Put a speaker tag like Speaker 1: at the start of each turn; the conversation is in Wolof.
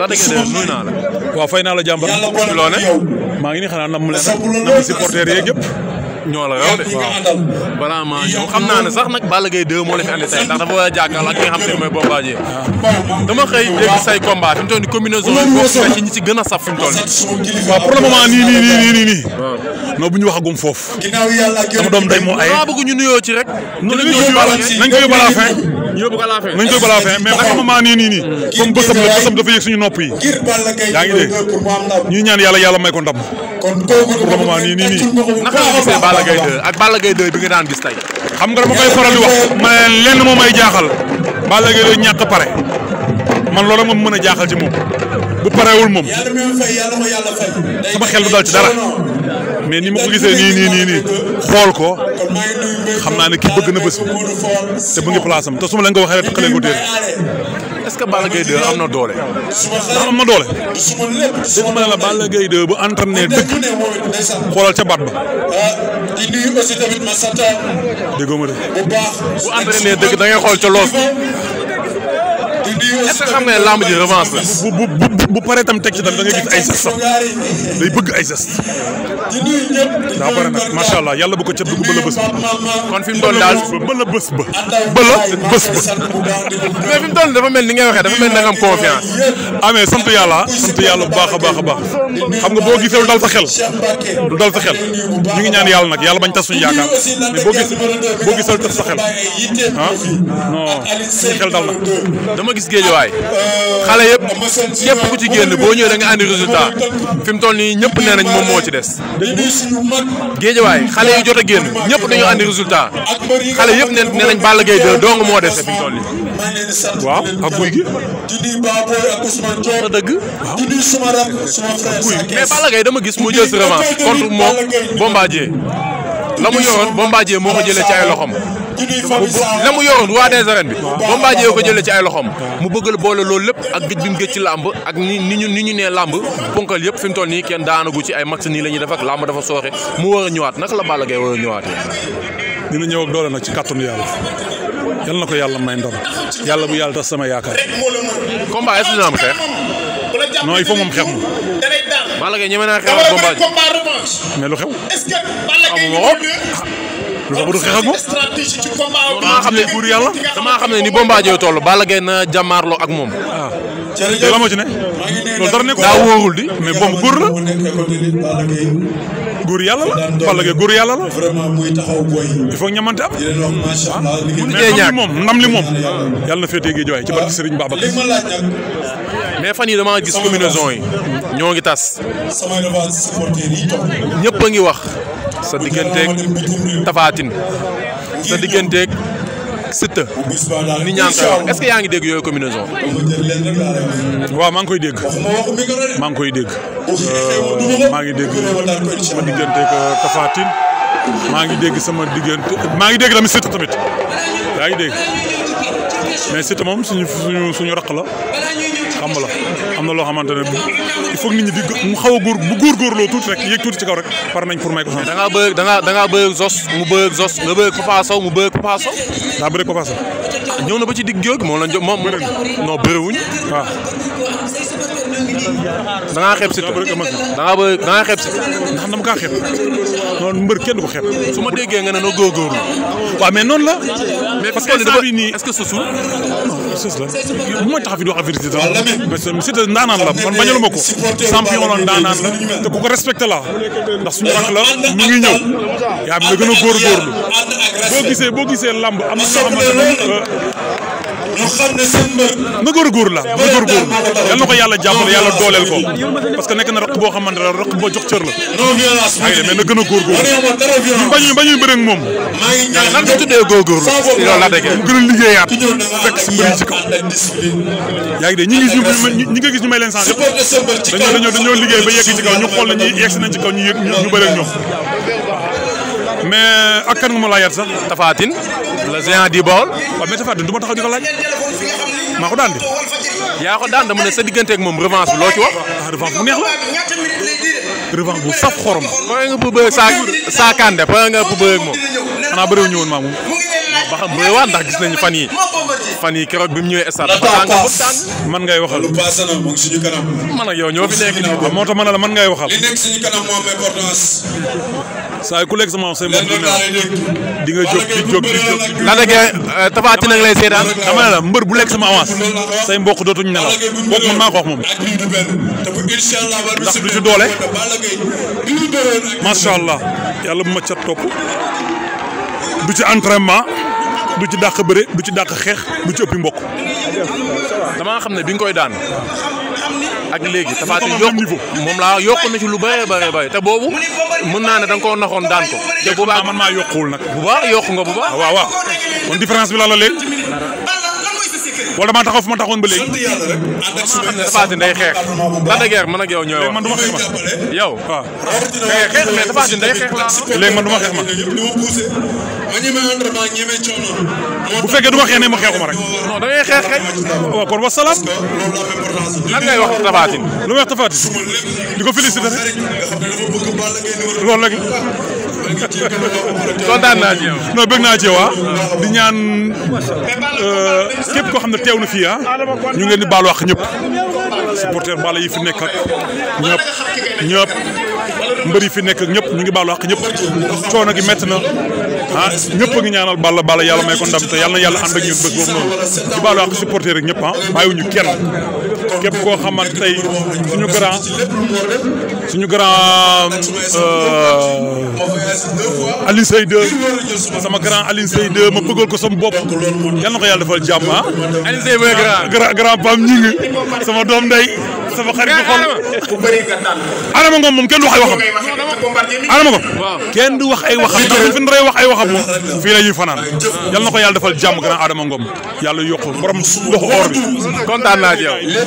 Speaker 1: la dëgg nuyu naa la. waaw fay naa la jàmbar. ci loo ne. maa ngi ni xanaa nam mu leen nam supporter yeeg yëpp. ñoo la yor balaa maa ñëw xam naa sax nag Balla Gaye 2 moo la fi andi tey ndax dafa war a jàkkaarloo na ci ñi ci gën a saf fi mu toll nii. waaw pour le moment nii nii nii nii nii. waaw non bu ñu waxagum foofu. dama doom day moo aye. waaw bëgg ñu nuyoo ci rek. ñu nuyoo ci nañ ko yóbbu nañ yóbbu ko à la fin. ma yóbbu ko à la fin mais xam nii nii nii. comme bësam la bësam dafa yëg suñu nopp yi. yaa ngi dégg ñuy ñaan yàlla yàlla may ko ndam. kon pour le moment nii nii nii. naka nga gisee Balla gis tey. xam nga dama koy faral di wax. ma lenn moo may jaaxal. Balla Gaye 2 ñàkk pare. man loolu moom mën a jaaxal ci moom. bu parewul moom. sama xel du dal ci dara. mais ni ma ko gisee nii nii nii xool ko xam naa ne kii bëgg na bés bi te mu ngi place am te su leen ko waxee rek takk leen ko téere est-ce que Balla Gaye am na doole. ndax am ma ne la Balla Gaye 2 bu entraîné dëgg xoolal ca baat ba. di nuyu aussi déggoo ma de. bu baax bu dëgg da ngay xool ca loos. est xam nga ne ji revanche la. bu bu bu paree tam teg ci tam da gis ay gestes sax day bëgg ay gestes. daa pare nag macha allah yàlla bu ko ca dugg bëla bës ba. kon mu doon daal bëla bës ba. bëla bës ba. mais fi mu doon dafa mel ni ngay waxee dafa mel ni am confiance. ah mais sant yàlla sant yàlla bu baax a baax a baax xam nga boo gisee lu dal sa xel lu dal sa xel ñu ngi ñaan yàlla nag yàlla bañ tas suñu yaakaar mais boo gisee lu tas sa xel ah non suñu xel dal nag. ma gis géejawaay xale yëpp képp ku ci génn boo ñëwee da nga résultat fi toll nii ñëpp nee moom moo ci des géejawaay xale yi jot a génn ñëpp dañoo andi résultat xale yëpp nee nee nañ Balla Gaye 2 dong moo dese fi mu toll nii waaw ak guy gi sa dëgg waaw guy mais Balla Gaye dama gis mu jël si revanche contre moom Bombardier la mu yoroon Bombardier moo ko jëlee ci ay loxom la mu yoroon roi des arènes bi Bombardier yoo ko jëlee ci ay loxoom mu bëggal boole loolu lépp ak gëj bi mu gëj ci làmb ak ni ni ñu ni ñu nee làmb ponkal yëpp fi mu toll nii kenn daanagu ci ay match nii la ñuy def ak làmb dafa sooxe mu war a ñëwaat naka la Balla Gaye war a ñëwaatee dina ñëw ak doole nag ci kàttanu yàlla yal na ko yàlla may ndam yàlla bu yàlla tax sama yaakaar combat est-ce que xeex non il moom xeex moom Balla Gaye ñeme naa xeex ak Bombardier mais lu tax bu dul xeex ak moom damaa xam ne buur yàlla damaa xam ne ni Bombardier toll Balla Gaye na jàmmaarloo ak moom. jërëjëf la ma ci ne. loolu dara nekkul daa wóorul di mais bomb góor la. góor yàlla la Balla Gaye góor yàlla la. il faut ñamante am. mais ndam li moom ndam li moom. yàlla na féetee géej waay ci barke Serigne Babacar. mais fan yi damaa gis combinaison yi. ñoo ngi tas. ñëpp a ngi wax. sa digganteeg Tafatine sa digganteeg Siteu ni ñaa ngi yaa ngi dégg yooyu combinaison. waaw maa ngi koy dégg. maa ngi koy dégg. Euh, maa ngi dégg sama digganteeg euh, Tafatine maa ngi dégg sama diggante maa ngi dégg tamit Siteu tamit yaa ngi dégg mais Siteu moom suñu suñu suñu raq la xam la. na loo xamante ne il faut nit ñi di mu xaw a góor bu góorgóorloo tuuti rek yéeg tuuti ci kaw rek par nañ pour may ko chance. da ngaa bëgg da ngaa da ngaa bëgg Zoss mu bëgg Zoss nga bëgg Papa Sow mu bëgg Papa Sow. daa bëgg Papa Sow. ñëw na ba ci digg yooyu moom lañ jo moom. bëri na non bëriwuñ waaw. da ngaa xeeb si da ngaa bëgg da ngaa xeeb si. ndax dama kaa xeeb noonu mbër kenn du ko xeeb. su ma déggee nga ne noo góorgóorlu. waaw mais noonu la. mais parce que est-ce que sosul sës la bu may taxaw fi di wax vérité dara mais Siteu ndaanaan la man bañalu ma ko champion la ndaanaan la te ku ko respecté la ndax suñu rak la mu ngi ñëw yaa ngi gën a góorgóorlu boo gisee boo gisee lamb am na ñoo xamante ne ñu xam ne seen mbër. na góorgóorlu la na góorgóorlu ko yàlla jàppale yàlla dooleel ko parce que nekk na raq boo xamante ne raq boo jox cër la. non violence bi mais a góorgóorlu. ñu bañ ñu bañuy bëre ak moom. maa ngi ñaan nga a liggéeyaat fekk si mbër gis ñu may leen sens yëpp dañoo dañoo liggéey ba yegg ci kaw ñu xool la ñuy yegg si nañ ci kaw ñu yëg ñoom mais ak kan nga ma laa yar sax Tapha le géant di Baol. waaw a Tapha Tine du ma taxaw di ko maa ko daan de. yaa ko daan dama ne sa diggante moom revanche bi loo ci wax. ah revanche bu neex la. revanche bu saf xorom. pare nga bu bëgg saa saa Kande pare nga bu bëgg moom. xanaa bëriwul ñëwoon maa moom. ba xam waat ndax gis nañu fan yi fan yi keroog bi mu ñëwee stade man ngay waxal lu passé na mu ngi suñu kanam. man ak yow ñoo fi nekk ngay waxal. saa ku lekk sama wax seen di nga jóg di jóg di jóg. Lac de Guiers Tapha Tine nag lay seetaan. dama ne la mbër bu lekk sama avance say mbokk dootuñu nelaw kooku man maa ko wax moom. du ci doole. macha allah yàlla bu ma ca topp du ci entraînement du ci dàq bëre du ci dàq xeex bu ci ëppi mbokk. damaa xam ne bi nga koy daan. ak léegi Tapha Tine yokk moom laa yokk na ci lu bëree bëree bëri te boobu mën naa ne da nga koo naxoon daan ko. te bu man maa yokkuwul nag. bu baax yokk nga bu baax. waaw waaw kon bi la la léegi. wala maa taxaw ma taxawoon ba léegi. Tapha Tine day xeex. la de guerre man a yow ñooy wax. man du ma xeex man yow. xeex mais Tapha Tine xeex laa. léegi man du ma xeex man. bu fekkee du ma xeex ne ma xeexuma rek. non da xeex kon oh, wasalaam. lan ngay wax Tapha lu may wax Tapha Tine. ko félicité rek. loolu rek. kontaan naa ci yow. non bëgg naa ci yow ah. di ñaan euh, képp koo xam ne teew na fii ah ñu ngi leen di baalu wax ñëpp. supporter bala yi fi nekk ak ñëpp ñëpp mbër yi fi nekk ñëpp ñu ngi baalu wax ñëpp coono gi métti na. ah ñëpp a ngi ñaanal Balla Balla yàlla may ko ndam te yàlla na yàlla ànd ak ñun noonu di baalu àq supporter rek ñëpp ah bàyyiwuñu kenn képp ko xamante tey suñu grand suñu grand euh, Alioune Seye sama grand Alioune Seye ma bëggal ko sama bopp yal na ko yàlla defal jàmm ah. doom ndey sama xarit bu Adama Ngom moom kenn du wax ay waxam Adama Ngom kenn du wax ay waxam ndax wax ay waxam moom fii la ñuy fanaan yal na ko yàlla defal jàmm grand Adama Ngom yàlla yokk borom ndoxu or kontaan naa ci